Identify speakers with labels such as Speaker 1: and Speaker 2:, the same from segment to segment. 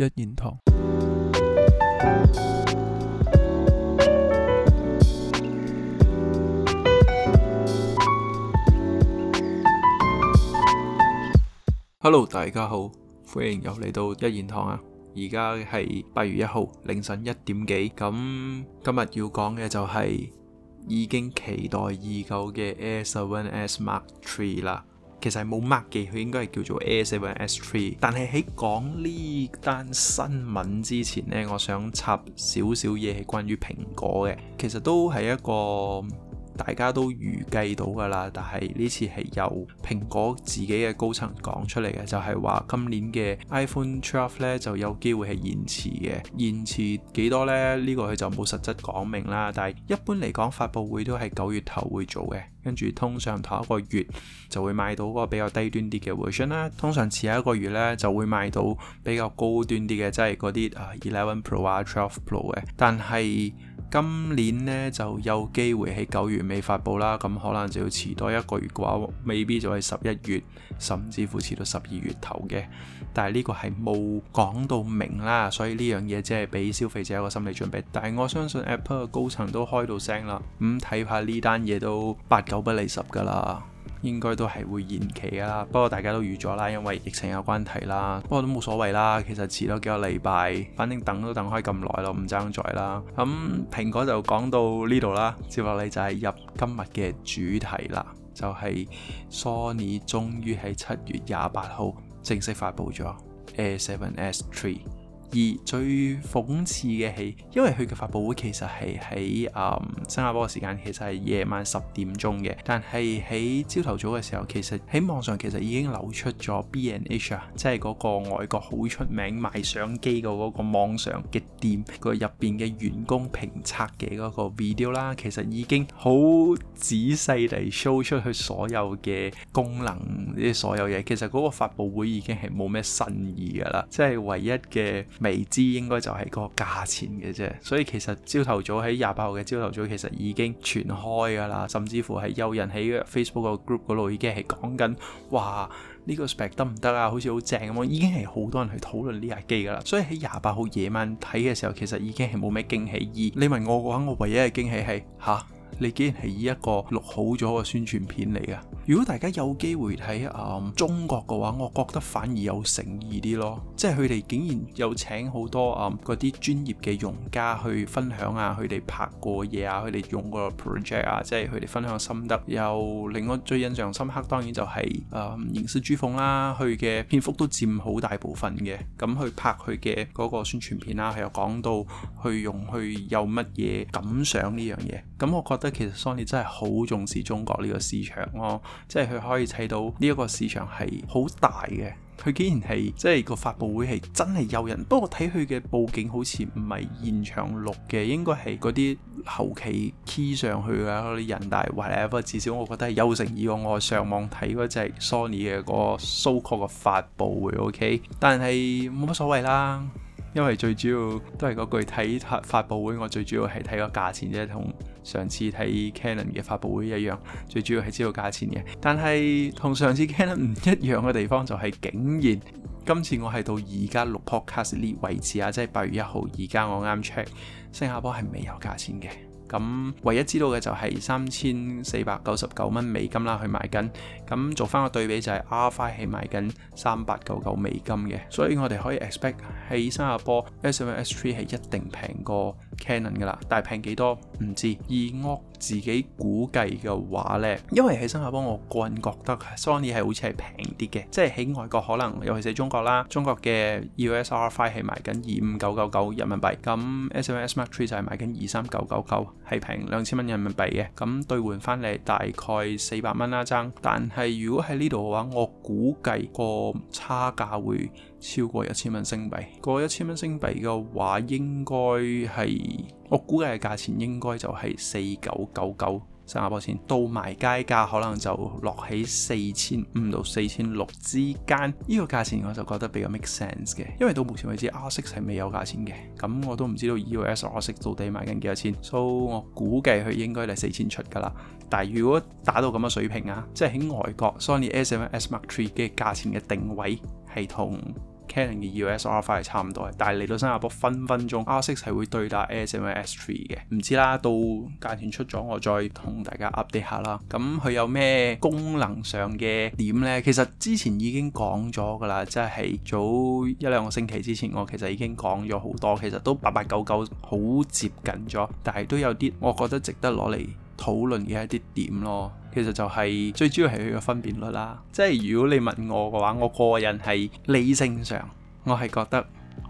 Speaker 1: 一言堂。Hello，大家好，歡迎又嚟到一言堂啊！而家係八月一號凌晨一點幾，咁今日要講嘅就係已經期待已久嘅 A7S Mark Three 啦。其實係冇 mark 嘅，佢應該係叫做 Air 四或者 S 三。但係喺講呢單新聞之前呢，我想插少少嘢係關於蘋果嘅。其實都係一個大家都預計到㗎啦。但係呢次係由蘋果自己嘅高層講出嚟嘅，就係話今年嘅 iPhone Twelve 咧就有機會係延遲嘅。延遲幾多呢？呢個佢就冇實質講明啦。但係一般嚟講，發布會都係九月頭會做嘅。跟住通常頭一個月就會買到個比較低端啲嘅 version 啦，通常遲一個月咧就會買到比較高端啲嘅，即係嗰啲啊 eleven pro 啊 twelve pro 嘅。但係今年咧就有機會喺九月尾發布啦，咁可能就要遲多一個月嘅話，未必就係十一月，甚至乎遲到十二月頭嘅。但係呢個係冇講到明啦，所以呢樣嘢即係俾消費者一個心理準備。但係我相信 Apple 嘅高層都開到聲啦，咁睇下呢單嘢都八。九不離十噶啦，應該都係會延期噶啦。不過大家都預咗啦，因為疫情有關係啦。不過都冇所謂啦，其實遲咗幾個禮拜，反正等都等開咁耐咯，唔爭在啦。咁、嗯、蘋果就講到呢度啦，接落嚟就係入今日嘅主題啦，就係、是、Sony 終於喺七月廿八號正式發布咗 A7S III。而最諷刺嘅係，因為佢嘅發布會其實係喺誒新加坡嘅時間，其實係夜晚十點鐘嘅。但係喺朝頭早嘅時候，其實喺網上其實已經流出咗 B&H 啊，即係嗰個外國好出名賣相機嘅嗰個網上嘅店，個入邊嘅員工評測嘅嗰個 video 啦，其實已經好仔細地 show 出佢所有嘅功能，啲所有嘢。其實嗰個發布會已經係冇咩新意噶啦，即係唯一嘅。未知應該就係個價錢嘅啫，所以其實朝頭早喺廿八號嘅朝頭早其實已經傳開㗎啦，甚至乎係有人喺 Facebook 個 group 嗰度已經係講緊嘩呢個 spec 得唔得啊？好似好正咁，已經係好多人去討論呢架機㗎啦。所以喺廿八號夜晚睇嘅時候，其實已經係冇咩驚喜，而你問我嘅話，我唯一嘅驚喜係嚇。你竟然係以一個錄好咗嘅宣傳片嚟嘅。如果大家有機會睇啊、嗯、中國嘅話，我覺得反而有誠意啲咯。即係佢哋竟然有請好多啊嗰啲專業嘅用家去分享啊，佢哋拍過嘢啊，佢哋用個 project 啊，即係佢哋分享心得。又令我最印象深刻，當然就係、是嗯、啊延斯朱鳳啦，佢嘅篇幅都佔好大部分嘅。咁、嗯、去拍佢嘅嗰個宣傳片啦、啊，佢又講到去用去有乜嘢感想呢樣嘢。咁、嗯、我覺得其實 Sony 真係好重視中國呢個市場咯，即係佢可以睇到呢一個市場係好大嘅。佢竟然係即係個發布會係真係有人，不過睇佢嘅佈景好似唔係現場錄嘅，應該係嗰啲後期 key 上去啊，嗰啲人，但係 whatever，至少我覺得係有誠意喎。我上網睇嗰隻 Sony 嘅個 so-called 個發布會，OK，但係冇乜所謂啦。因為最主要都係嗰句睇發佈會，我最主要係睇個價錢啫，同上次睇 Canon 嘅發佈會一樣，最主要係知道價錢嘅。但係同上次 Canon 唔一樣嘅地方就係，竟然今次我係到而家錄 podcast 呢位置啊，即係八月一號，而家我啱 check 新加坡係未有價錢嘅。咁唯一知道嘅就係三千四百九十九蚊美金啦，去買緊，咁做翻個對比就係 R5 係賣緊三百九九美金嘅，所以我哋可以 expect 喺新加坡 S1、S3 係一定平過 Canon 噶啦，但係平幾多？唔知，而我自己估計嘅話呢，因為喺新加坡，我個人覺得 Sony 係好似係平啲嘅，即係喺外國可能，尤其是中國啦，中國嘅 EOS R5 係賣緊二五九九九人民幣，咁 A7S Mark Three 就係賣緊二三九九九，係平兩千蚊人民幣嘅，咁兌換返嚟大概四百蚊啦，爭。但係如果喺呢度嘅話，我估計個差價會超過一千蚊星幣，過一千蚊星幣嘅話，應該係我估計嘅價錢應該就係四九九九新加坡錢，到埋街價可能就落喺四千五到四千六之間。呢、這個價錢我就覺得比較 make sense 嘅，因為到目前為止，阿色係未有價錢嘅，咁我都唔知道 E.U.S. 阿色到底賣緊幾多錢，so 我估計佢應該係四千出㗎啦。但係如果打到咁嘅水平啊，即係喺外國 Sony s m s m a r k Three 嘅價錢嘅定位係同。Canon 嘅 EOS R5 係差唔多嘅，但係嚟到新加坡分分鐘，R6 係會對打 A7S3 嘅，唔知啦。到價錢出咗，我再同大家 update 下啦。咁佢有咩功能上嘅點呢？其實之前已經講咗㗎啦，即係早一兩個星期之前，我其實已經講咗好多，其實都八八九九好接近咗，但係都有啲我覺得值得攞嚟討論嘅一啲點咯，其實就係最主要係佢嘅分辨率啦。即係如果你問我嘅話，我個人係理性上，我係覺得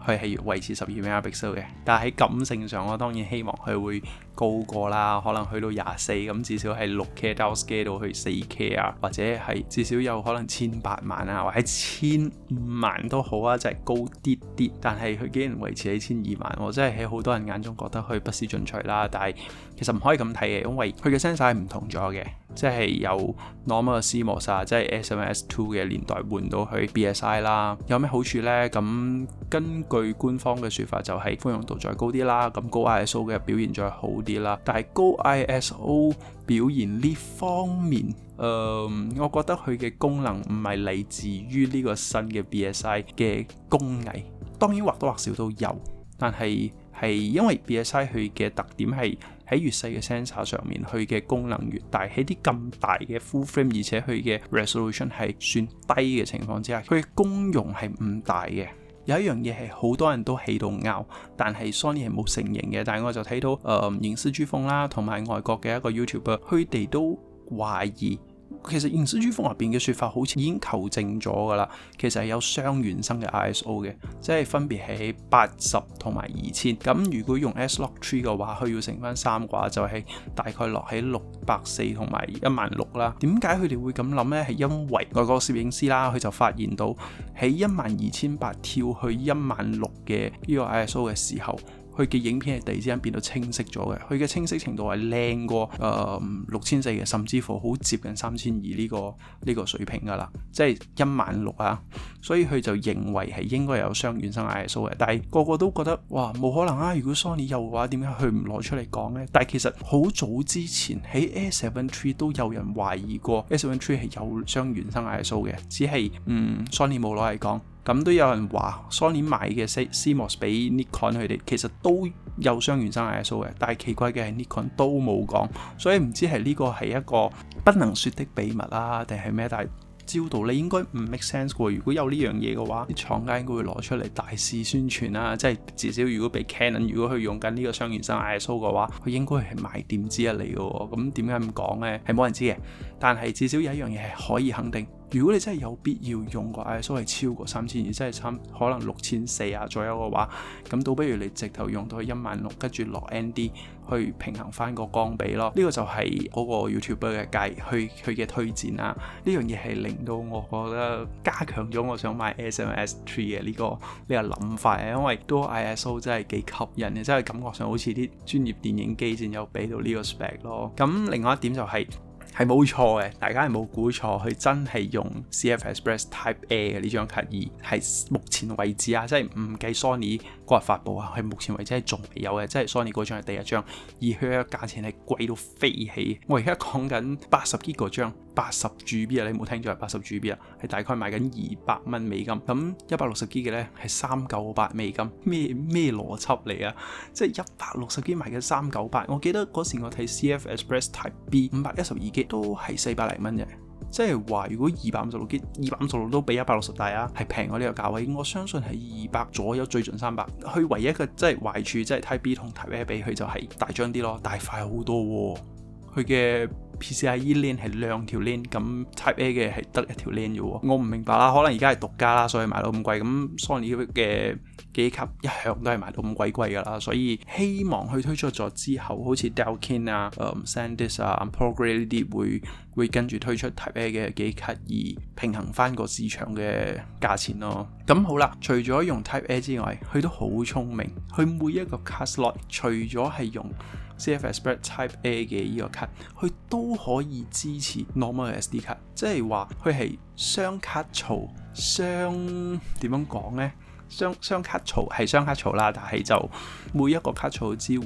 Speaker 1: 佢係維持十二 million pixel 嘅。但係喺感性上，我當然希望佢會。高過啦，可能去到廿四咁，至少係六 K 到斯基到去四 K 啊，或者係至少有可能千八萬啊，或者千五萬都好啊，即、就、係、是、高啲啲。但係佢竟然維持喺千二萬，我真係喺好多人眼中覺得佢不思進取啦。但係其實唔可以咁睇嘅，因為佢嘅 sensor 唔同咗嘅，即係由 normal CMOS、啊、即係 s m s 2嘅年代換到去 BSI 啦。有咩好處呢？咁根據官方嘅説法，就係寬容度再高啲啦，咁高 ISO 嘅表現再好啲。但係高 ISO 表現呢方面，誒、呃，我覺得佢嘅功能唔係嚟自於呢個新嘅 BSI 嘅工藝，當然或多或少都有，但係係因為 BSI 佢嘅特點係喺越細嘅 sensor 上面，佢嘅功能越大；喺啲咁大嘅 full frame，而且佢嘅 resolution 係算低嘅情況之下，佢嘅功用係唔大嘅。有一樣嘢係好多人都喺度拗，但係 Sony 係冇承認嘅。但係我就睇到誒、呃、影視珠峰啦，同埋外國嘅一個 YouTuber 佢哋都懷疑。其實原始珠峰入邊嘅説法，好似已經求證咗㗎啦。其實係有雙原生嘅 ISO 嘅，即係分別喺八十同埋二千。咁如果用 S-Log 3嘅話，佢要乘翻三嘅話，就係大概落喺六百四同埋一萬六啦。點解佢哋會咁諗呢？係因為外國攝影師啦，佢就發現到喺一萬二千八跳去一萬六嘅呢個 ISO 嘅時候。佢嘅影片係突然之間變到清晰咗嘅，佢嘅清晰程度係靚過誒六千四嘅，呃、00，甚至乎好接近三千二呢個呢個水平㗎啦，即係一萬六啊！所以佢就認為係應該有雙原生 ISO 嘅，但係個個都覺得哇冇可能啊！如果 Sony 有嘅話，點解佢唔攞出嚟講呢？」但係其實好早之前喺 A7III 都有人懷疑過 A7III 係有雙原生 ISO 嘅，只係嗯 Sony 冇攞嚟講。咁都有人話 Sony 賣嘅 CMOS 俾 Nikon 佢哋，其實都有雙原生 ISO 嘅，但係奇怪嘅係 Nikon 都冇講，所以唔知係呢個係一個不能説的秘密啊，定係咩？但係照道理應該唔 make sense 嘅，如果有呢樣嘢嘅話，啲廠家應該會攞出嚟大肆宣傳啦、啊。即係至少如果被 Canon 如果佢用緊呢個雙原生 ISO 嘅話，佢應該係賣點之一嚟嘅喎。咁點解咁講呢？係冇人知嘅，但係至少有一樣嘢係可以肯定。如果你真係有必要用個 ISO 係超過三千二，真係差可能六千四啊左右嘅話，咁倒不如你直頭用到一萬六，跟住落 ND 去平衡翻個光比咯。呢、這個就係嗰個 YouTuber 嘅計，去佢嘅推薦啦。呢樣嘢係令到我覺得加強咗我想買 SM S Three 嘅呢個呢、這個諗法因為都 ISO 真係幾吸引嘅，真係感覺上好似啲專業電影機先有俾到呢個 spec 咯。咁另外一點就係、是。係冇錯嘅，大家係冇估錯，佢真係用 CF Express Type A 嘅呢張卡。而係目前為止啊，即係唔計 Sony。嗰日發布啊，係目前為止係仲未有嘅，即係 Sony 嗰張係第一張，而佢嘅價錢係貴到飛起。我而家講緊八十 G 嗰張，八十 GB 啊，你冇聽錯，八十 GB 啊，係大概賣緊二百蚊美金。咁一百六十 G 嘅呢，係三九八美金，咩咩邏輯嚟啊？即係一百六十 G 賣緊三九八，我記得嗰時我睇 CF Express Type B 五百一十二 G 都係四百零蚊嘅。即係話，如果二百五十六 G，二百五十六都比一百六十大啊，係平過呢個價位。我相信係二百左右，最盡三百。佢唯一嘅即係壞處，即係 Type B 同 Type A 比，佢就係大張啲咯，大塊好多、哦。佢嘅 PCIe lane 係兩條 lane，咁、e、Type A 嘅係得一條 lane 啫喎。我唔明白啦，可能而家係獨家啦，所以賣到咁貴。咁 Sony 嘅機卡一向都係賣到咁鬼貴㗎啦，所以希望佢推出咗之後，好似 Delkin 啊、嗯、um, SanDisk 啊、um、ProGrade 呢啲會會跟住推出 Type A 嘅機卡而平衡翻個市場嘅價錢咯。咁好啦，好，除咗用 Type A 之外，佢都好聰明，佢每一個卡 slot 除咗係用 CF Express Type A 嘅呢個卡，佢都可以支持 normal SD 卡，即係話佢係雙卡槽，雙點樣講呢？雙雙卡槽係雙卡槽啦，但係就每一個卡槽支援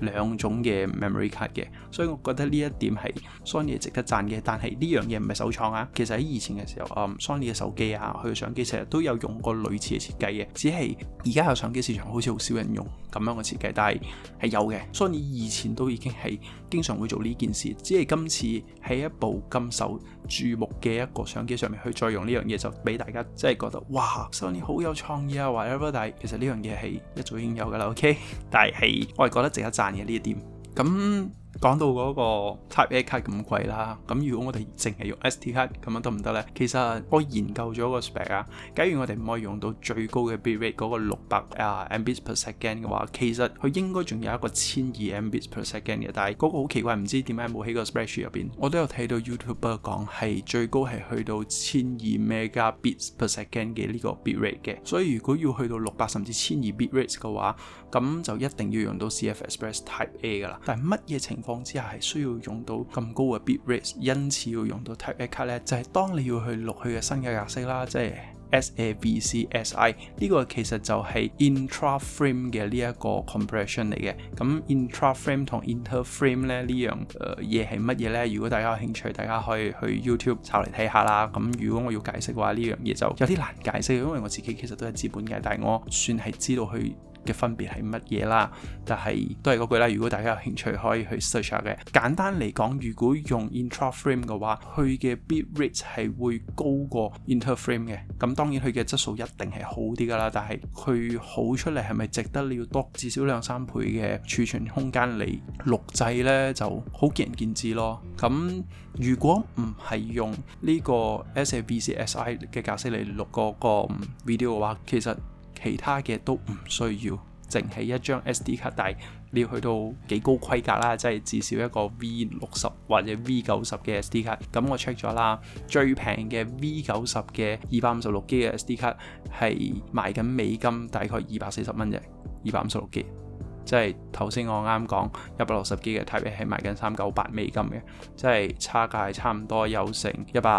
Speaker 1: 兩種嘅 memory card 嘅，所以我覺得呢一點係 Sony 值得讚嘅。但係呢樣嘢唔係首創啊，其實喺以前嘅時候，嗯，Sony 嘅手機啊，佢嘅相機成日都有用過類似嘅設計嘅，只係而家嘅相機市場好似好少人用咁樣嘅設計，但係係有嘅。Sony 以前都已經係經常會做呢件事，只係今次喺一部咁受注目嘅一個相機上面去再用呢樣嘢，就俾大家真係覺得哇，Sony 好有創意啊！但係其實呢樣嘢係一早已經有㗎喇，OK？但 係我係覺得值得讚嘅呢一點。咁。講到嗰個 Type A 卡咁貴啦，咁如果我哋淨係用 SD 卡咁樣得唔得呢？其實我研究咗個 spec 啊，假如我哋唔可以用到最高嘅 bit rate 嗰個六百、uh, 啊 Mbps per second 嘅話，其實佢應該仲有一個千二 Mbps per second 嘅，但係嗰個好奇怪，唔知點解冇喺個 spreadsheet 入邊。我都有睇到 YouTuber 講係最高係去到千二 mega bit per second 嘅呢個 bit rate 嘅，所以如果要去到六百甚至千二 bit rate 嘅話，咁就一定要用到 CF Express Type A 噶啦。但係乜嘢情況況之下係需要用到咁高嘅 bitrates，因此要用到 Type A card 咧，就係當你要去錄佢嘅新嘅格式啦，即係 S A V C S I 呢個其實就係 intra frame 嘅呢一個 compression 嚟嘅。咁 intra frame 同 inter frame 咧呢樣誒嘢係乜嘢咧？如果大家有興趣，大家可以去 YouTube 查嚟睇下啦。咁如果我要解釋嘅話，呢樣嘢就有啲難解釋，因為我自己其實都係資本嘅，但係我算係知道去嘅分別係乜嘢啦？但係都係嗰句啦。如果大家有興趣，可以去 search 下嘅。簡單嚟講，如果用 intra frame 嘅話，佢嘅 bitrate 係會高過 interframe 嘅。咁當然佢嘅質素一定係好啲噶啦。但係佢好出嚟係咪值得你要多至少兩三倍嘅儲存空間嚟錄製呢？就好見仁見智咯。咁如果唔係用呢個 XAVC S-I 嘅格式嚟錄個個 video 嘅話，其實其他嘅都唔需要，淨係一張 SD 卡，但係你要去到幾高規格啦，即係至少一個 V 六十或者 V 九十嘅 SD 卡。咁我 check 咗啦，最平嘅 V 九十嘅二百五十六 G 嘅 SD 卡係賣緊美金大概二百四十蚊啫，二百五十六 G，即係。頭先我啱講一百六十 G 嘅 Type A 係賣緊三九八美金嘅，即係差價係差唔多有成一百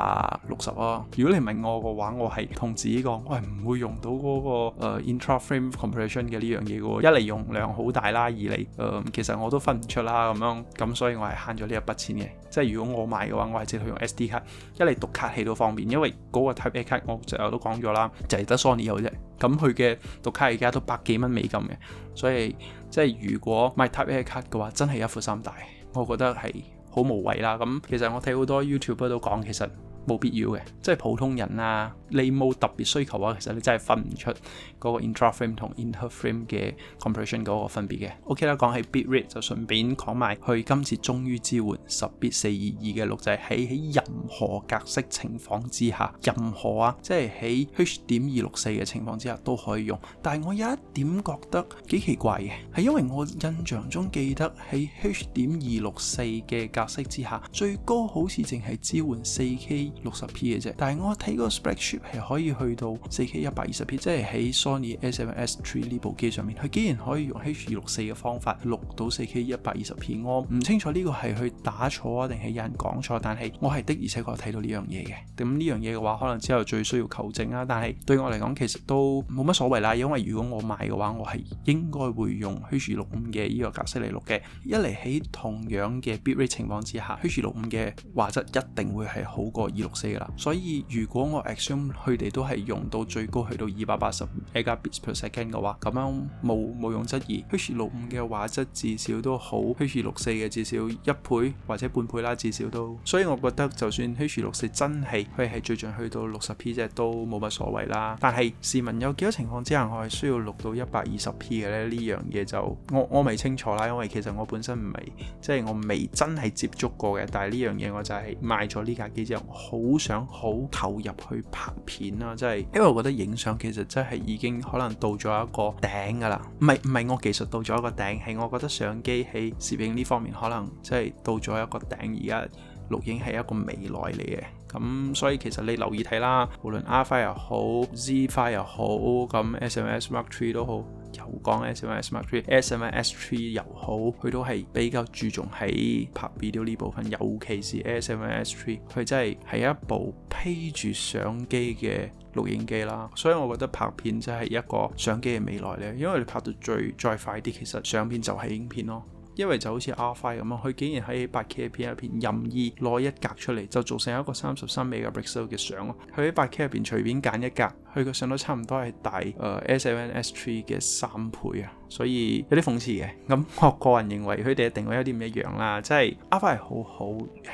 Speaker 1: 六十咯。如果你問我嘅話，我係同自己講，我係唔會用到嗰個、呃、intra frame compression 嘅呢樣嘢嘅。一嚟用量好大啦，二嚟誒其實我都分唔出啦咁樣，咁所以我係慳咗呢一筆錢嘅。即係如果我買嘅話，我係直接用 SD 卡，一嚟讀卡器都方便，因為嗰個 Type A 卡我就都講咗啦，就係得 Sony 有啫。咁佢嘅讀卡器而家都百幾蚊美金嘅，所以即係如。如果買 Type A 的卡嘅話，真係一副三大，我覺得係好無謂啦。咁其實我睇好多 YouTuber 都講，其實，冇必要嘅，即係普通人啊，你冇特別需求啊，其實你真係分唔出嗰個 interframe 同 interframe 嘅 compression 嗰個分別嘅。OK 啦，講起 bitrate 就順便講埋，佢今次終於支援十 b i t 4:2:2嘅錄製，喺喺任何格式情況之下，任何啊，即係喺 h 點二六四嘅情況之下都可以用。但係我有一點覺得幾奇怪嘅，係因為我印象中記得喺 h 點二六四嘅格式之下，最高好似淨係支援四 k 六十 P 嘅啫，但係我睇個 spreadsheet 係可以去到 4K 一百二十 P，即係喺 Sony A7S3 呢部機上面，佢竟然可以用 H264 嘅方法錄到 4K 一百二十 P。我唔清楚呢個係去打錯啊，定係有人講錯，但係我係的而且確睇到呢樣嘢嘅。咁呢樣嘢嘅話，可能之後最需要求證啦。但係對我嚟講，其實都冇乜所謂啦。因為如果我買嘅話，我係應該會用 H265 嘅呢個格式嚟錄嘅。一嚟喺同樣嘅 bitrate 情況之下，H265 嘅畫質一定會係好過。二六四啦，所以如果我 assume 佢哋都係用到最高去到二百八十 Megabit per second 嘅話，咁樣冇無庸置疑，H265 嘅畫質至少都好，H264 嘅至少一倍或者半倍啦，至少都，所以我覺得就算 H264 真係佢係最盡去到六十 p 啫，都冇乜所謂啦。但係市民有幾多情況之下我係需要錄到一百二十 p 嘅咧？呢樣嘢就我我未清楚啦，因為其實我本身唔係即係我未真係接觸過嘅，但係呢樣嘢我就係買咗呢架機之後。好想好投入去拍片啊，即係，因為我覺得影相其實真係已經可能到咗一個頂噶啦，唔係唔係我技術到咗一個頂，係我覺得相機喺攝影呢方面可能真係到咗一個頂，而家。錄影係一個未來嚟嘅，咁所以其實你留意睇啦，無論 R5 又好，Z5 又好，咁 A7S Mark III 都好，又講 A7S Mark III，A7S III 又好，佢都係比較注重喺拍 video 呢部分，尤其是 A7S III，佢真係係一部披住相機嘅錄影機啦，所以我覺得拍片真係一個相機嘅未來咧，因為你拍到最再快啲，其實相片就係影片咯。因為就好似 R5 咁咯，佢竟然喺 8K 入邊入邊任意攞一格出嚟，就做成一個三十三美嘅 pixel 嘅相。佢喺 8K 入邊隨便揀一格，佢個相都差唔多係大誒、呃、7S3 嘅三倍啊。所以有啲諷刺嘅。咁我個人認為佢哋嘅定位有啲唔一樣啦。即係 R5 係好好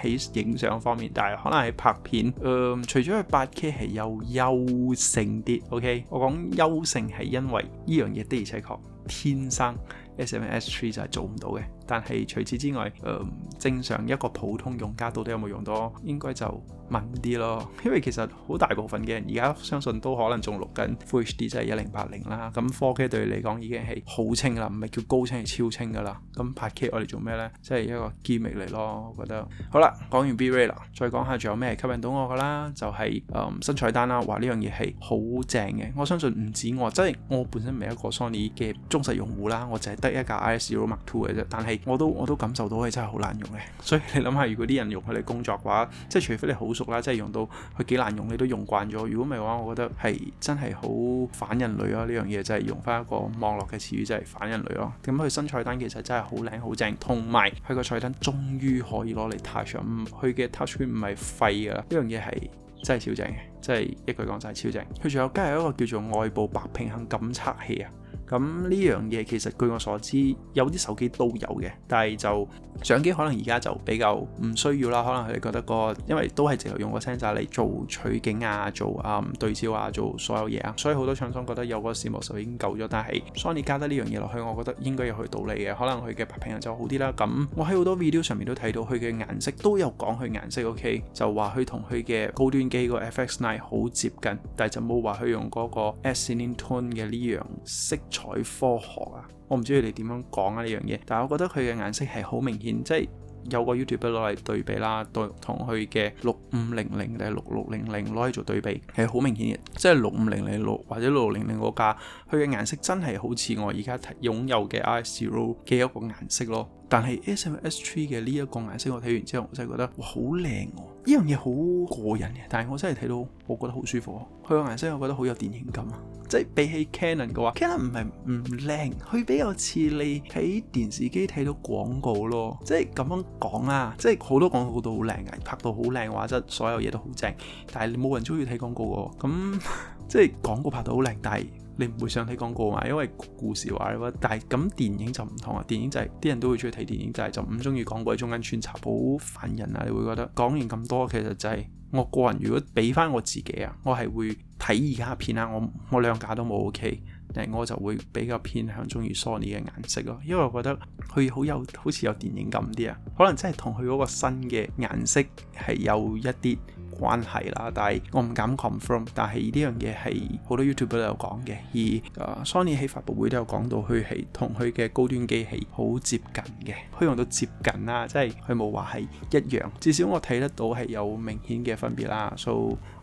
Speaker 1: 喺影相方面，但係可能喺拍片，嗯、呃，除咗佢 8K 係有優勝啲。OK，我講優勝係因為呢樣嘢的而且確天生 A7S3 就係做唔到嘅。但係除此之外，誒、呃、正常一個普通用家到底有冇用到，應該就問啲咯。因為其實好大，大部分嘅人而家相信都可能仲錄緊 Full HD 即係一零八零啦，咁 4K 對你嚟講已經係好清啦，唔係叫高清係超清㗎啦。咁拍 K 我哋做咩呢？即係一個 gimmick 嚟咯，我覺得。好啦，講完 BRA 啦，再講下仲有咩吸引到我㗎啦？就係誒新菜單啦，話呢樣嘢係好正嘅。我相信唔止我，即係我本身唔係一個 Sony 嘅忠實用戶啦，我淨係得一架 ISUZU Mark Two 嘅啫，但係。我都我都感受到係真係好難用嘅，所以你諗下，如果啲人用佢嚟工作嘅話，即係除非你好熟啦，即係用到佢幾難用，你都用慣咗。如果唔係嘅話，我覺得係真係好反人類咯。呢樣嘢就係用翻一個網絡嘅詞語，就係反人類咯。咁佢新菜單其實真係好靚好正，同埋佢個菜單終於可以攞嚟 touch，佢嘅 touch screen 唔係廢㗎啦。呢樣嘢係真係超正嘅，即係一句講曬超正。佢仲有加入一個叫做外部白平衡感測器啊。咁呢樣嘢其實據我所知有啲手機都有嘅，但係就相機可能而家就比較唔需要啦。可能佢哋覺得個因為都係直頭用個 sensor 嚟做取景啊，做啊、嗯、對焦啊，做所有嘢啊，所以好多廠商覺得有個視幕就已經夠咗。但係 Sony 加得呢樣嘢落去，我覺得應該有佢道理嘅。可能佢嘅白平衡就好啲啦。咁我喺好多 video 上面都睇到佢嘅顏色都有講佢顏色 OK，就話佢同佢嘅高端機個 FX9 好接近，但係就冇話佢用嗰個 S-Cinetone 嘅呢樣色。彩科學啊，我唔知佢哋點樣講啊呢樣嘢，但係我覺得佢嘅顏色係好明顯，即係有個 YouTube 攞嚟對比啦，對同佢嘅六五零零定係六六零零攞嚟做對比，係好明顯嘅，即係六五零零六或者六六零零嗰架，佢嘅顏色真係好似我而家擁有嘅 I S r o 嘅一個顏色咯。但係 S M S Three 嘅呢一個顏色，我睇完之後，我真係覺得哇，好靚喎！呢樣嘢好過癮嘅。但係我真係睇到，我覺得好舒服啊。佢個顏色，我覺得好有電影感啊。即係比起 Canon 嘅話，Canon 唔係唔靚，佢比較似你喺電視機睇到廣告咯。即係咁樣講啊，即係好多廣告都好靚嘅，拍到好靚畫質，所有嘢都好正。但係冇人中意睇廣告喎。咁即係廣告拍到好靚，但係你唔會想睇廣告啊，因為故事話嘅話，但係咁電影就唔同啊，電影就係、係、啲人都會中意睇電影，就係就唔中意廣告喺中間穿插，好煩人啊！你會覺得講完咁多，其實就係、係、我個人，如果俾翻我自己啊，我係會睇而家片啊，我我兩架都冇 OK，但係我就會比較偏向中意 Sony 嘅顏色咯，因為我覺得佢好有好似有電影感啲啊，可能真係同佢嗰個新嘅顏色係有一啲。關係啦，但係我唔敢 confirm。但係呢樣嘢係好多 YouTube 都有講嘅，而 Sony 喺發布會都有講到，佢係同佢嘅高端機器好接近嘅。佢用到接近啦，即係佢冇話係一樣。至少我睇得到係有明顯嘅分別啦，So，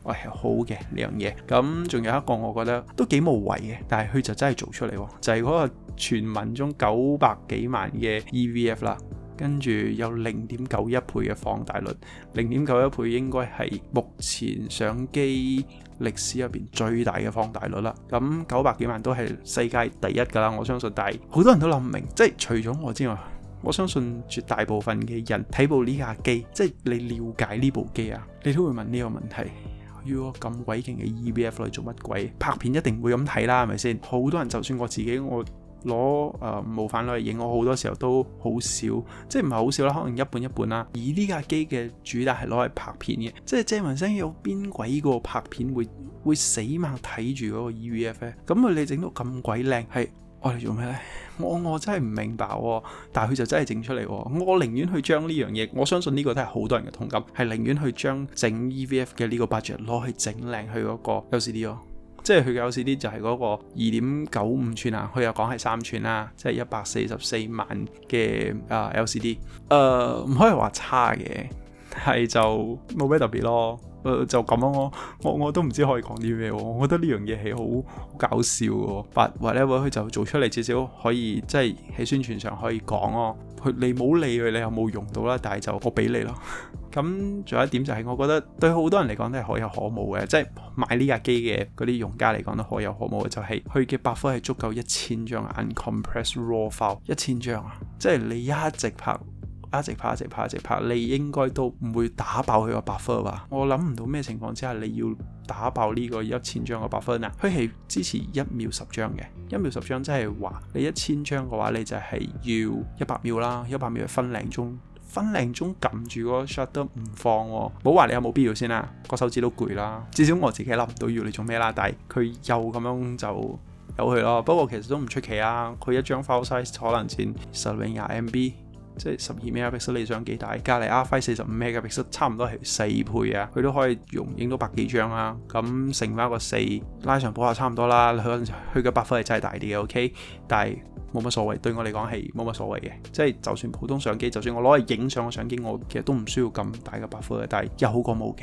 Speaker 1: 我係好嘅呢樣嘢。咁仲有一個我覺得都幾無謂嘅，但係佢就真係做出嚟喎，就係、是、嗰個傳聞中九百幾萬嘅 EVF 啦。跟住有零點九一倍嘅放大率，零點九一倍應該係目前相機歷史入邊最大嘅放大率啦。咁九百幾萬都係世界第一㗎啦，我相信。但係好多人都諗唔明，即係除咗我之外，我相信絕大部分嘅人睇部呢架機，即係你了解呢部機啊，你都會問呢個問題：要咁鬼勁嘅 EVF 嚟做乜鬼？拍片一定會咁睇啦，係咪先？好多人就算我自己我。攞誒模塊攞嚟影，呃、我好多時候都好少，即係唔係好少啦，可能一半一半啦。而呢架機嘅主打係攞嚟拍片嘅，即係即係問聲有邊鬼個拍片會會死猛睇住嗰個 EVF 咧？咁佢哋整到咁鬼靚，係我嚟做咩咧？我呢我，我真係唔明白喎、哦，但係佢就真係整出嚟喎、哦。我寧願去將呢樣嘢，我相信呢個都係好多人嘅同感，係寧願去將整 EVF 嘅呢個 budget 攞去整靚佢嗰個 LCD 咯。有即係佢嘅 LCD 就係嗰個二點九五寸啊，佢又講係三寸啦，即係一百四十四萬嘅啊、uh, LCD，誒唔、uh, 可以話差嘅，係就冇咩特別咯。就咁咯、啊，我我都唔知可以講啲咩喎。我覺得呢樣嘢係好搞笑嘅、啊，或者佢就做出嚟至少可以即係喺宣傳上可以講咯、啊。佢你冇理佢，你又冇用到啦？但係就我俾你咯。咁 仲有一點就係我覺得對好多人嚟講都係可有可無嘅，即係買呢架機嘅嗰啲用家嚟講都可有可無嘅，就係佢嘅百科係足夠一千張 uncompressed raw file，一千張啊，即係你一直拍。一直拍一直拍一直拍，你應該都唔會打爆佢個百分吧？我諗唔到咩情況之下你要打爆呢個一千張個百分啊！佢係支持一秒十張嘅，一秒十張即係話你一千張嘅話，你就係要一百秒啦，一百秒係分零鐘，分零鐘撳住個 shutter 都唔放喎、喔。唔好話你有冇必要先啦，個手指都攰啦。至少我自己諗唔到要你做咩啦，但係佢又咁樣就有佢咯。不過其實都唔出奇啊，佢一張 file size 可能佔十零廿 MB。即係十二咩嘅拍攝相機，但係隔籬 R5 四十五咩嘅拍差唔多係四倍啊，佢都可以用影到百幾張啊。咁剩翻個四，拉上補下差唔多啦。佢佢嘅白幅係真係大啲嘅，OK。但係冇乜所謂，對我嚟講係冇乜所謂嘅。即係就算普通相機，就算我攞嚟影相嘅相機，我其實都唔需要咁大嘅百科嘅，但係有好過冇嘅。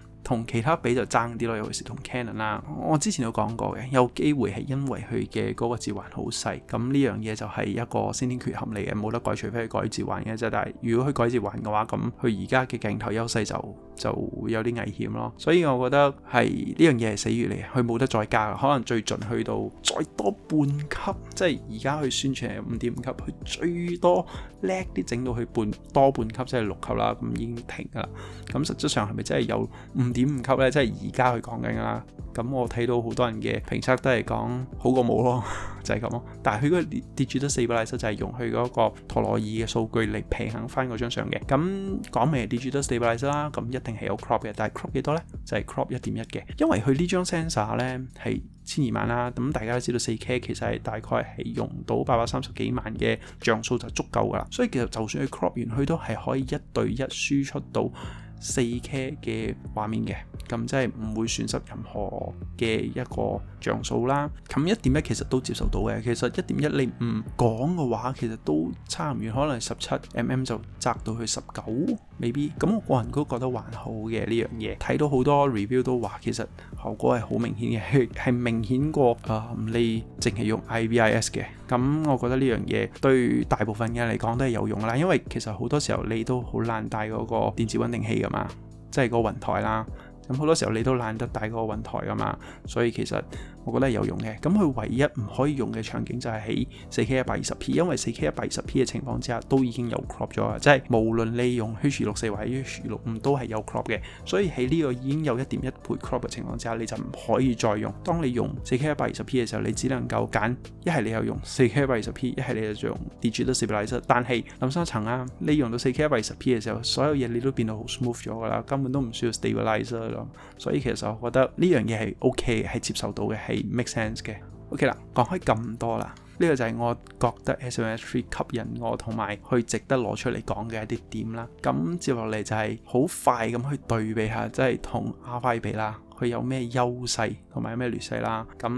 Speaker 1: 同其他比就爭啲咯，尤其是同 Canon 啦，我之前都講過嘅，有機會係因為佢嘅嗰個字環好細，咁呢樣嘢就係一個先天缺陷嚟嘅，冇得改除，除非佢改字環嘅啫。但係如果佢改字環嘅話，咁佢而家嘅鏡頭優勢就就會有啲危險咯。所以我覺得係呢樣嘢係死穴嚟，佢冇得再加，可能最盡去到再多半級，即係而家佢宣傳係五點五級，佢最多叻啲整到佢半多半級即係六級啦，咁已經停㗎啦。咁實質上係咪真係有唔點五級咧，即係而家佢講緊噶啦。咁我睇到好多人嘅評測都係講好過冇咯， 就係咁咯。但係佢個 Digital Stabilizer，就係用佢嗰個陀螺儀嘅數據嚟平衡翻嗰張相嘅。咁講明係 Digital Stabilizer 啦，咁一定係有 crop 嘅，但係 crop 幾多呢？就係、是、crop 一點一嘅。因為佢呢張 sensor 咧係千二萬啦。咁大家都知道四 K 其實係大概係用到八百三十幾萬嘅像素就足夠噶啦。所以其實就算佢 crop 完，佢都係可以一對一輸出到。四 K 嘅畫面嘅。咁即係唔會損失任何嘅一個像素啦。咁一點一其實都接受到嘅。其實一點一你唔講嘅話，其實都差唔遠，可能十七 mm 就窄到去十九 maybe。咁我個人都覺得還好嘅呢樣嘢。睇到好多 review 都話，其實效果係好明顯嘅，係明顯過啊，呃，你淨係用 I V I S 嘅。咁我覺得呢樣嘢對大部分嘅人嚟講都係有用啦。因為其實好多時候你都好難帶嗰個電子穩定器噶嘛，即係個雲台啦。咁好多時候你都懶得帶個雲台噶嘛，所以其實～我覺得有用嘅，咁佢唯一唔可以用嘅場景就係喺 4K 一百二十 p，因為 4K 一百二十 p 嘅情況之下都已經有 crop 咗啦，即係無論你用 H264 或係 H265 都係有 crop 嘅，所以喺呢個已經有一點一倍 crop 嘅情況之下，你就唔可以再用。當你用 4K 一百二十 p 嘅時候，你只能夠揀一係你又用 4K 一百二十 p，一係你就用 Digital stabilizer。但係諗三層啊，你用到 4K 一百二十 p 嘅時候，所有嘢你都變到好 smooth 咗㗎啦，根本都唔需要 stabilizer 咯。所以其實我覺得呢樣嘢係 OK 嘅，係接受到嘅。make sense 嘅。OK 啦，講開咁多啦，呢、這個就係我覺得 A7sIII 吸引我同埋去值得攞出嚟講嘅一啲點啦。咁接落嚟就係好快咁去對比下，即係同阿 R 比啦。佢有咩優勢同埋有咩劣勢啦？咁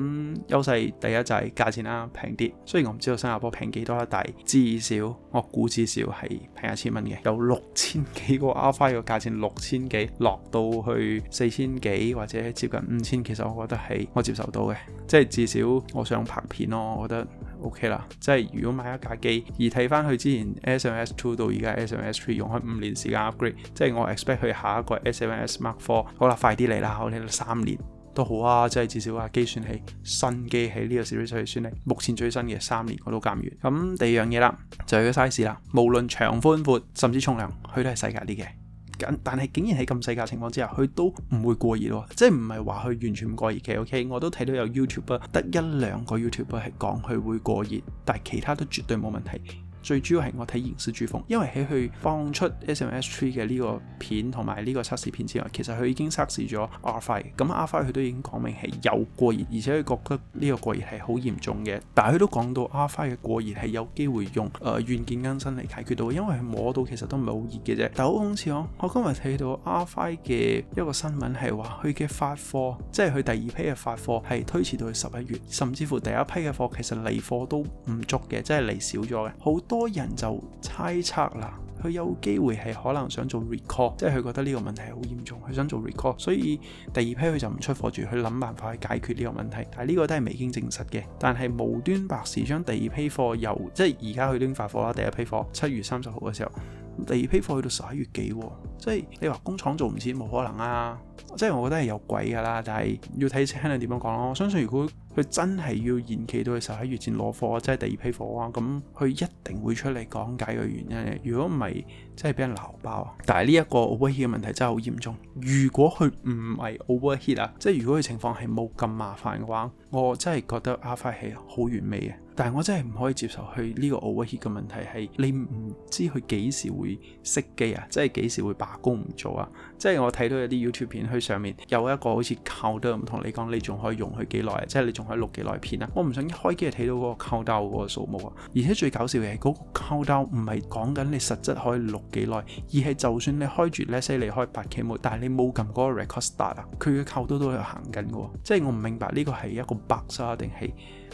Speaker 1: 優勢第一就係價錢啦，平啲。雖然我唔知道新加坡平幾多啦，但係至少我估至少係平一千蚊嘅，有六千幾個 R5 嘅價錢，六千幾落到去四千幾或者接近五千，其實我覺得係我接受到嘅，即係至少我想拍片咯，我覺得。O.K. 啦，即係如果買一架機，而睇翻佢之前 A7S Two 到而家 A7S Three 用咗五年時間 upgrade，即係我 expect 佢下一個 A7S Mark Four，好啦，快啲嚟啦，我睇到三年都好啊，即係至少啊，機算起，新機喺呢個小數計算咧，目前最新嘅三年我都鑑完。咁第二樣嘢啦，就係個 size 啦，無論長寬闊，甚至重量，佢都係細格啲嘅。但係竟然喺咁細嘅情況之下，佢都唔會過熱喎，即係唔係話佢完全唔過熱嘅。O.K.，我都睇到有 YouTuber 得一兩個 YouTuber 係講佢會過熱，但係其他都絕對冇問題。最主要係我睇《影視颶風》，因為喺佢放出 S M S Three 嘅呢個片同埋呢個測試片之外，其實佢已經測試咗 R Five。咁 R Five 佢都已經講明係有過熱，而且佢覺得呢個過熱係好嚴重嘅。但係佢都講到 R Five 嘅過熱係有機會用誒、呃、軟件更新嚟解決到，因為佢摸到其實都唔係好熱嘅啫。但好似、哦、我今日睇到 R Five 嘅一個新聞係話，佢嘅發貨即係佢第二批嘅發貨係推遲到去十一月，甚至乎第一批嘅貨其實嚟貨都唔足嘅，即係嚟少咗嘅。好。多人就猜測啦，佢有機會係可能想做 recall，即係佢覺得呢個問題好嚴重，佢想做 recall，所以第二批佢就唔出貨住，去諗辦法去解決呢個問題。但係呢個都係未經證實嘅，但係無端白事將第二批貨由即係而家佢都已經發貨啦。第一批貨七月三十號嘅時候。第二批貨去到十一月幾、哦，即係你話工廠做唔切冇可能啊！即係我覺得係有鬼噶啦，但係要睇清係點樣講咯。我相信如果佢真係要延期到去十一月前攞貨，即係第二批貨啊，咁佢一定會出嚟講解個原因。如果唔係，真係俾人鬧爆。但係呢一個 overheat 嘅問題真係好嚴重。如果佢唔係 overheat 啊，即係如果佢情況係冇咁麻煩嘅話，我真係覺得 R5 係好完美嘅。但係我真係唔可以接受去呢個 overheat 嘅問題係，你唔知佢幾時會熄機啊，即係幾時會罷工唔做啊！即係我睇到有啲 YouTube 片，佢上面有一個好似 countdown 同你講你仲可以用佢幾耐啊，即係你仲可以錄幾耐片啊！我唔想一開機就睇到嗰個 countdown 嗰個數目啊！而且最搞笑嘅係嗰個 countdown 唔係講緊你實質可以錄幾耐，而係就算你開住 lessie 嚟開八 K 模，但係你冇撳嗰個 record start 啊，佢嘅 countdown 都係行緊嘅，即係我唔明白呢個係一個 bug 定係？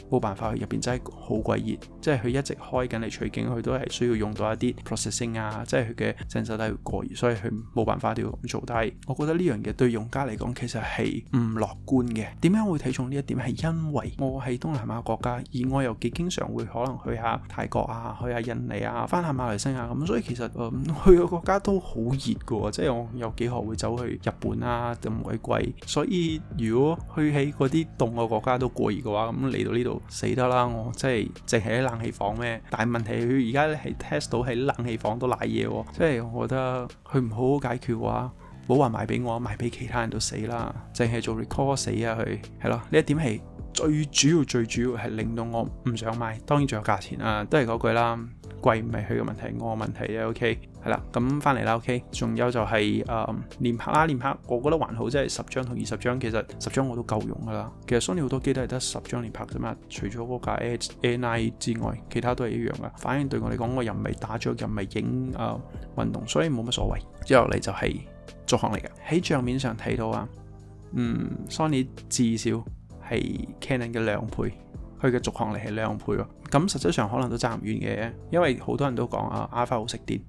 Speaker 1: 冇辦法去入邊，面真係好鬼熱。即係佢一直開緊嚟取景，佢都係需要用到一啲 processing 啊，即係佢嘅成手都係過熱，所以佢冇辦法都要咁做。但係我覺得呢樣嘢對用家嚟講其實係唔樂觀嘅。點樣會睇重呢一點？係因為我喺東南亞國家，而我又幾經常會可能去下泰國啊，去下印尼啊，翻下馬來西亞咁。所以其實、呃、去嘅國家都好熱嘅喎，即係我有幾何會走去日本啊咁鬼貴。所以如果去喺嗰啲凍嘅國家都過熱嘅話，咁嚟到呢度。死得啦！我即係淨係喺冷氣房咩？但係，問題佢而家咧係 test 到喺冷氣房都瀨嘢，即係我覺得佢唔好好解決嘅話，冇話賣俾我，賣俾其他人都死啦！淨係做 recall 死啊佢係咯，呢一點係。最主要最主要係令到我唔想買，當然仲有價錢啊，都係嗰句啦，貴唔係佢嘅問題，我嘅問題就 O K 係啦，咁翻嚟啦 O K，仲有就係、是、誒、嗯、連拍啦連拍，我覺得還好，即係十張同二十張，其實十張我都夠用噶啦。其實 Sony 好多機都係得十張連拍啫嘛，除咗嗰架 H, A9 之外，其他都係一樣噶，反應對我嚟講，我又唔係打咗，又唔係影誒運動，所以冇乜所謂。之後嚟就係續航嚟嘅，喺賬面上睇到啊，嗯，Sony 至少。係 Canon 嘅兩倍，佢嘅續航力係兩倍喎。咁實際上可能都爭唔遠嘅，因為好多人都講啊，Alpha 好食電，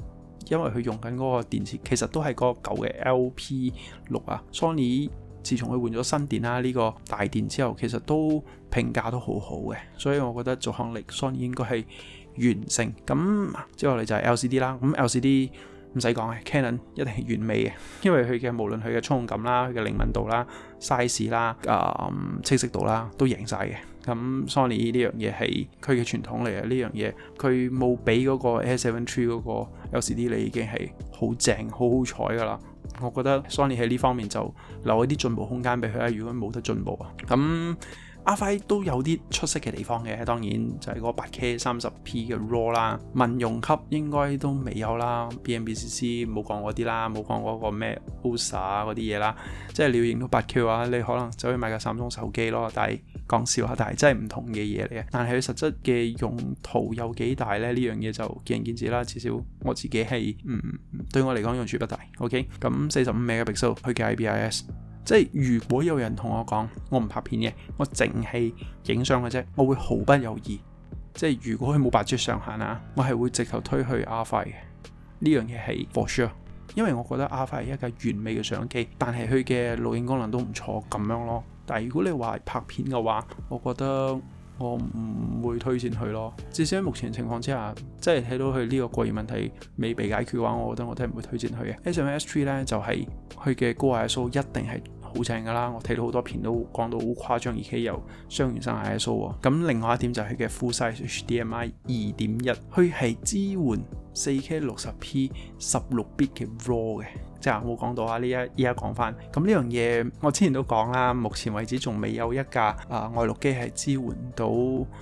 Speaker 1: 因為佢用緊嗰個電池，其實都係個舊嘅 LP 六啊。Sony 自從佢換咗新電啦，呢、這個大電之後，其實都評價都好好嘅，所以我覺得續航力 Sony 應該係完勝。咁之後嚟就係 LCD 啦，咁 LCD。唔使講嘅，Canon 一定係完美嘅，因為佢嘅無論佢嘅操控感啦、佢嘅靈敏度啦、size 啦、誒清晰度啦，都贏晒嘅。咁 Sony 呢樣嘢係佢嘅傳統嚟嘅，呢樣嘢佢冇俾嗰個 A7III 嗰個 LCD，你已經係好正好好彩㗎啦。我覺得 Sony 喺呢方面就留一啲進步空間俾佢啦。如果冇得進步啊，咁。阿輝都有啲出色嘅地方嘅，當然就係嗰個 8K 三十 P 嘅 RAW 啦，民用級應該都未有啦。BMPCC 冇講嗰啲啦，冇講嗰個咩 Osa 嗰啲嘢啦，即係你要影到 8K 嘅話，你可能走去買個三星手機咯。但係講笑啊，但係真係唔同嘅嘢嚟嘅。但係佢實質嘅用途有幾大呢？呢樣嘢就見仁見智啦。至少我自己係嗯對我嚟講用處不大。OK，咁四十五 M 嘅 bps 佢嘅 IBIS。即係如果有人同我講我唔拍片嘅，我淨係影相嘅啫，我會毫不猶豫。即係如果佢冇白紙上限啊，我係會直頭推去 R5 嘅。呢樣嘢係 for sure，因為我覺得 R5 係一架完美嘅相機，但係佢嘅錄影功能都唔錯咁樣咯。但係如果你話拍片嘅話，我覺得我唔會推薦佢咯。至少喺目前情況之下，即係睇到佢呢個過熱問題未被解決嘅話，我覺得我都係唔會推薦佢嘅。A7S3 呢，就係佢嘅高 ISO 一定係。好正噶啦，我睇到好多片都講到好誇張，而且又雙原生 ISO 咁另外一點就係佢嘅 Full Size HDMI 二點一，佢係支援四 K 六十 P 十六 bit 嘅 RAW 嘅，即係冇講到啊！呢一而家講翻，咁呢樣嘢我之前都講啦，目前為止仲未有一架啊、呃、外錄機係支援到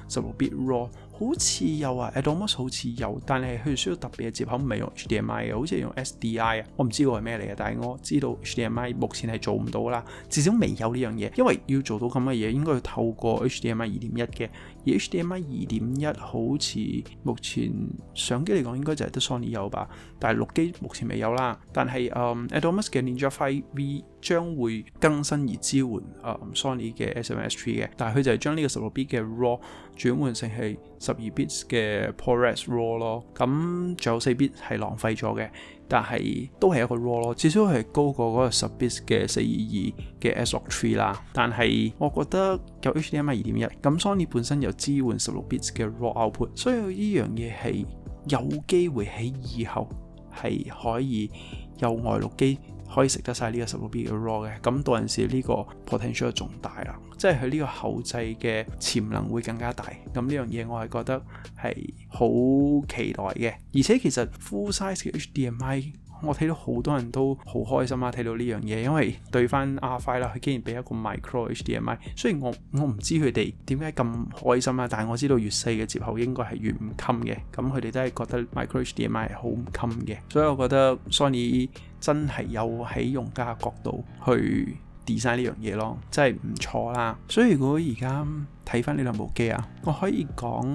Speaker 1: 十六 bit RAW。好似有啊 Atomos 好似有，但係佢需要特別嘅接口，唔係用 HDMI 嘅，好似用 SDI 啊，我唔知個係咩嚟嘅，但係我知道 HDMI 目前係做唔到啦，至少未有呢樣嘢，因為要做到咁嘅嘢，應該要透過 HDMI 二點一嘅。而 HDMI 二點一好似目前相機嚟講應該就係得 Sony 有吧，但係錄機目前未有啦。但係誒、um, Atomos 嘅 Ninja Five V 將會更新而支援誒、um, Sony 嘅 SMS Three 嘅，但係佢就係將呢個十六 bit 嘅 RAW 轉換成係十二 bit 嘅 ProRes RAW 咯。咁仲有四 bit 係浪費咗嘅。但係都係一個 raw 咯，至少係高過嗰個十 bits 嘅四二二嘅 Slog3 啦。但係我覺得有 HDMI 二點一，咁 Sony 本身又支援十六 bits 嘅 raw output，所以呢樣嘢係有機會喺以後係可以有外錄機。可以食得晒呢個十六 bit 嘅 raw o 嘅，咁到陣時呢個 potential 仲大啦，即係佢呢個後製嘅潛能會更加大。咁呢樣嘢我係覺得係好期待嘅，而且其實 full size 嘅 HDMI。我睇到好多人都好開心啊！睇到呢樣嘢，因為對翻 R5 啦，佢竟然俾一個 micro HDMI。雖然我我唔知佢哋點解咁開心啊，但係我知道越細嘅接口應該係越唔襟嘅。咁佢哋都係覺得 micro HDMI 係好唔襟嘅。所以我覺得 Sony 真係有喺用家嘅角度去 design 呢樣嘢咯，真係唔錯啦。所以如果而家睇翻呢兩部機啊，我可以講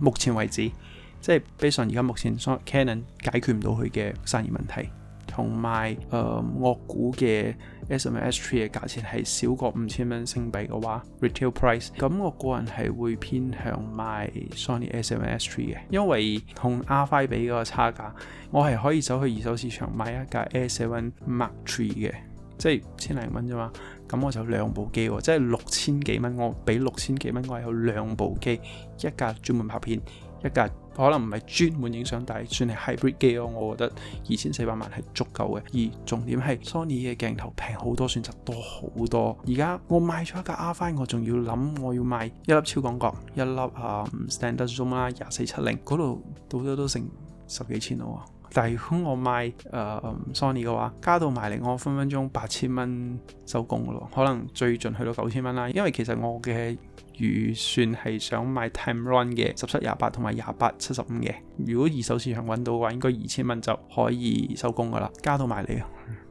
Speaker 1: 目前為止。即係 basic 上，而家目前 Canon 解決唔到佢嘅生意問題，同埋誒我估嘅 A7S3 嘅價錢係少過五千蚊新幣嘅話，retail price，咁我個人係會偏向買 Sony A7S3 嘅，因為同 R5 比嗰個差價，我係可以走去二手市場買一架 A7 Mark III 嘅，即係千零蚊啫嘛，咁我就兩部機，即係六千幾蚊，我俾六千幾蚊，我係有兩部機，一架專門拍片，一架。可能唔係專門影相，但係算係 hybrid 機咯。我覺得二千四百萬係足夠嘅，而重點係 Sony 嘅鏡頭平好多，選擇多好多。而家我買咗一架 R5，我仲要諗我要買一粒超廣角，一粒啊，唔、um, Standard Zoom 啦，廿四七零嗰度到咗都成十幾千咯。但如果我買誒、呃、Sony 嘅話，加到埋嚟我分分鐘八千蚊收工嘅咯，可能最盡去到九千蚊啦。因為其實我嘅預算係想買 Tamron 嘅十七廿八同埋廿八七十五嘅。如果二手市場揾到嘅話，應該二千蚊就可以收工嘅啦。加到埋嚟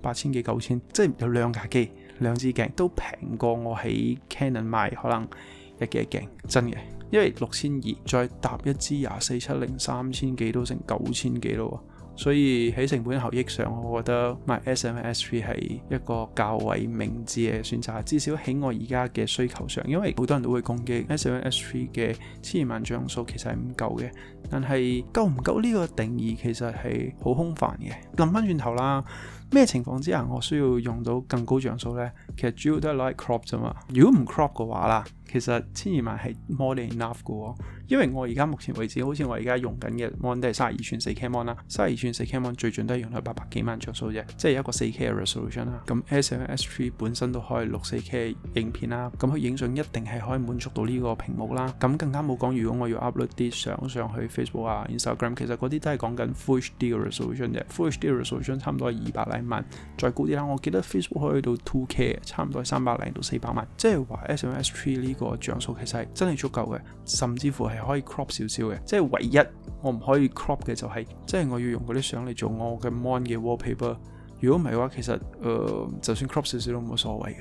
Speaker 1: 八千幾九千，8, 9, 000，即係有兩架機兩支鏡都平過我喺 Canon 買，可能一機一鏡真嘅。因為六千二再搭一支廿四七零三千幾都成九千幾咯。所以喺成本效益上，我覺得買 A7S3 係一個較為明智嘅選擇。至少喺我而家嘅需求上，因為好多人都會攻擊 A7S3 嘅千二萬像素其實係唔夠嘅。但係夠唔夠呢個定義其實係好空泛嘅。諗翻轉頭啦～咩情況之下我需要用到更高像素呢？其實主要都係攞嚟 crop 啫嘛。如果唔 crop 嘅話啦，其實千二萬係 more than enough 嘅。因為我而家目前為止，好似我而家用緊嘅 mon 都係三十二寸四 K mon 啦，卅二寸四 K mon 最盡都係用到八百幾萬像素啫，即係一個四 K 嘅 resolution 啦。咁 S1、S3 本身都可以六四 K 影片啦，咁佢影相一定係可以滿足到呢個屏幕啦。咁更加冇講，如果我要 upload 啲相上去 Facebook 啊、Instagram，其實嗰啲都係講緊 full HD resolution 啫，full HD resolution 差唔多係二百 l 萬再高啲啦，我記得 Facebook 可以到 two K，差唔多三百零到四百萬，即係話 S M S Three 呢個像素其實係真係足夠嘅，甚至乎係可以 crop 少少嘅，即、就、係、是、唯一我唔可以 crop 嘅就係、是，即、就、係、是、我要用嗰啲相嚟做我嘅 mon 嘅 wallpaper，如果唔係嘅話，其實誒、呃、就算 crop 少少都冇所謂嘅，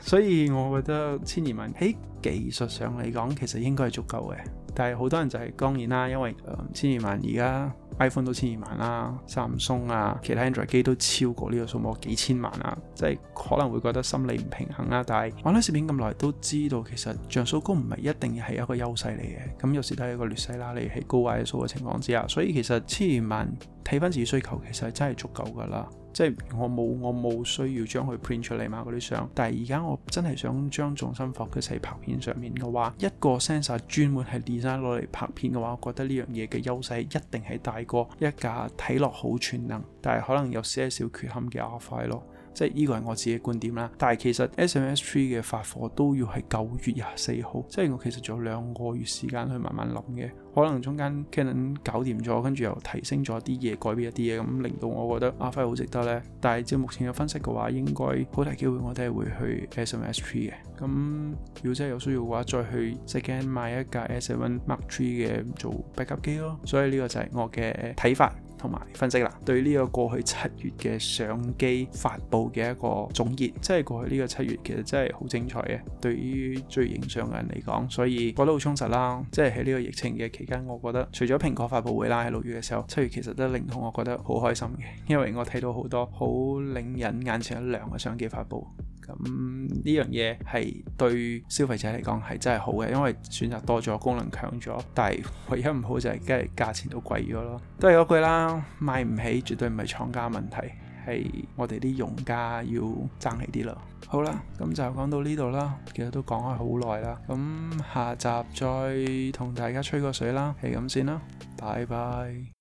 Speaker 1: 所以我覺得千二萬喺技術上嚟講其實應該係足夠嘅，但係好多人就係當然啦，因為千二萬而家。呃 iPhone 都千二萬啦，三星啊，其他 Android 機都超過呢個數目幾千萬啊，即係可能會覺得心理唔平衡啦。但係玩咗攝影咁耐，都知道其實像素高唔係一定係一個優勢嚟嘅，咁有時都係一個劣勢啦。你喺高 ISO 嘅情況之下，所以其實千二萬。睇翻自己需求，其實係真係足夠噶啦。即係我冇我冇需要將佢 print 出嚟嘛，嗰啲相。但係而家我真係想將重心放喺、就是、拍片上面嘅話，一個 sensor 專門係 design 攞嚟拍片嘅話，我覺得呢樣嘢嘅優勢一定係大過一架睇落好全能，但係可能有些少缺陷嘅 R 快咯。即係呢個係我自己觀點啦，但係其實 A7S3 嘅發貨都要係九月廿四號，即係我其實仲有兩個月時間去慢慢諗嘅，可能中間 Canon 搞掂咗，跟住又提升咗啲嘢，改變一啲嘢，咁令到我覺得 R5 好值得呢。但係照目前嘅分析嘅話，應該好大機會我都係會去 A7S3 嘅。咁如果真係有需要嘅話，再去 again 買一架 A7 Mark III 嘅做 backup 機咯。所以呢個就係我嘅睇、呃、法。同埋分析啦，對呢個過去七月嘅相機發布嘅一個總結，即係過去呢個七月其實真係好精彩嘅。對於鍾意影相嘅人嚟講，所以覺得好充實啦。即係喺呢個疫情嘅期間，我覺得除咗蘋果發布會啦，喺六月嘅時候，七月其實都令到我覺得好開心嘅，因為我睇到好多好令人眼前一亮嘅相機發布。咁呢樣嘢係對消費者嚟講係真係好嘅，因為選擇多咗，功能強咗，但係唯一唔好就係梗係價錢都貴咗咯。都係嗰句啦，買唔起絕對唔係廠家問題，係我哋啲用家要爭氣啲啦。好啦，咁就講到呢度啦，其實都講開好耐啦。咁下集再同大家吹個水啦，係咁先啦，拜拜。